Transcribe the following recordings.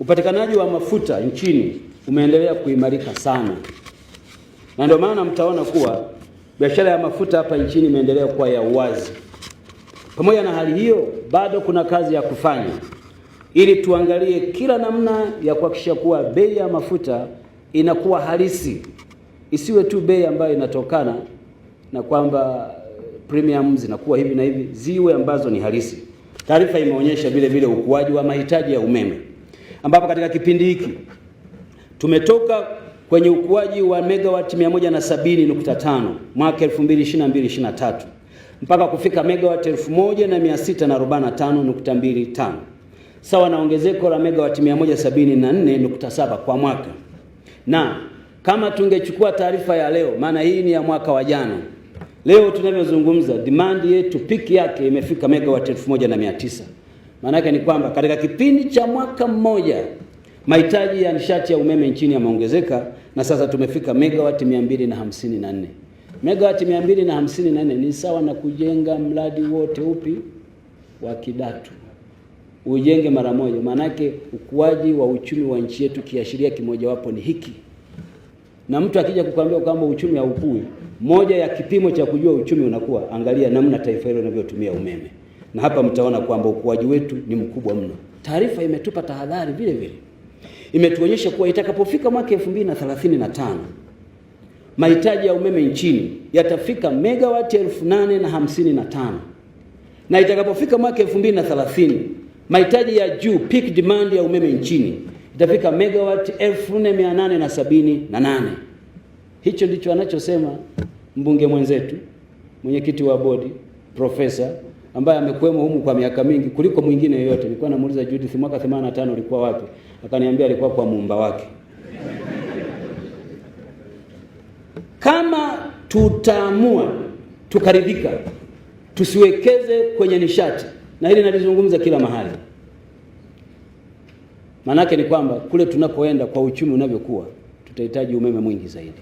Upatikanaji wa mafuta nchini umeendelea kuimarika sana, na ndio maana mtaona kuwa biashara ya mafuta hapa nchini imeendelea kuwa ya uwazi. Pamoja na hali hiyo, bado kuna kazi ya kufanya ili tuangalie kila namna ya kuhakikisha kuwa bei ya mafuta inakuwa halisi, isiwe tu bei ambayo inatokana na kwamba eh, premium zinakuwa hivi na hivi, ziwe ambazo ni halisi. Taarifa imeonyesha vile vile ukuaji wa mahitaji ya umeme ambapo katika kipindi hiki tumetoka kwenye ukuaji wa megawati 170.5 mwaka 2022 mpaka kufika megawati 1645.25 sawa na ongezeko la megawati 174.7 kwa mwaka, na kama tungechukua taarifa ya leo, maana hii ni ya mwaka wa jana, leo tunavyozungumza, demand yetu piki yake imefika megawati 1900. Maana yake ni kwamba katika kipindi cha mwaka mmoja mahitaji ya nishati ya umeme nchini yameongezeka na sasa tumefika megawati nne. Megawati nne ni sawa na kujenga mradi wote upi wa Kidatu ujenge mara moja. Maanake ukuaji wa uchumi wa nchi yetu kiashiria kimojawapo ni hiki, na mtu akija kukwambia kwamba uchumi haukui, moja ya kipimo cha kujua uchumi unakuwa, angalia namna taifa hilo linavyotumia umeme na hapa mtaona kwamba ukuaji wetu ni mkubwa mno. Taarifa imetupa tahadhari vile vile, imetuonyesha kuwa itakapofika mwaka tano mahitaji ya umeme nchini yatafika megawati elfu nane na hamsini na tano na itakapofika mwaka 2030 mahitaji ya juu peak demand ya umeme nchini itafika megawati nane. Hicho ndicho anachosema mbunge mwenzetu, mwenyekiti wa bodi Profesa ambaye amekuwemo humu kwa miaka mingi kuliko mwingine yeyote. Nilikuwa namuuliza Judith, mwaka 85 ulikuwa wapi? Akaniambia alikuwa kwa muumba wake. Kama tutaamua tukaridhika, tusiwekeze kwenye nishati, na hili nalizungumza kila mahali, maanake ni kwamba kule tunakoenda kwa uchumi unavyokuwa, tutahitaji umeme mwingi zaidi.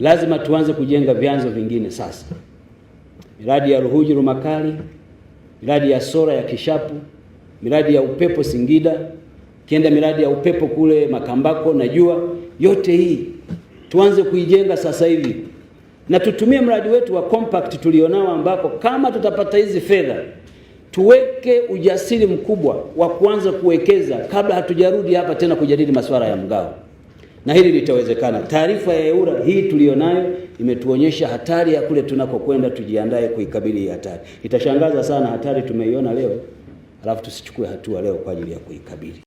Lazima tuanze kujenga vyanzo vingine sasa miradi ya Ruhujuru Makali, miradi ya Sora ya Kishapu, miradi ya upepo Singida, kienda miradi ya upepo kule Makambako. Najua yote hii tuanze kuijenga sasa hivi na tutumie mradi wetu wa compact tulionao, ambako kama tutapata hizi fedha tuweke ujasiri mkubwa wa kuanza kuwekeza kabla hatujarudi hapa tena kujadili masuala ya mgao na hili litawezekana. Taarifa ya EWURA hii tuliyonayo imetuonyesha hatari ya kule tunakokwenda, tujiandae kuikabili hii hatari. Itashangaza sana, hatari tumeiona leo, alafu tusichukue hatua leo kwa ajili ya kuikabili.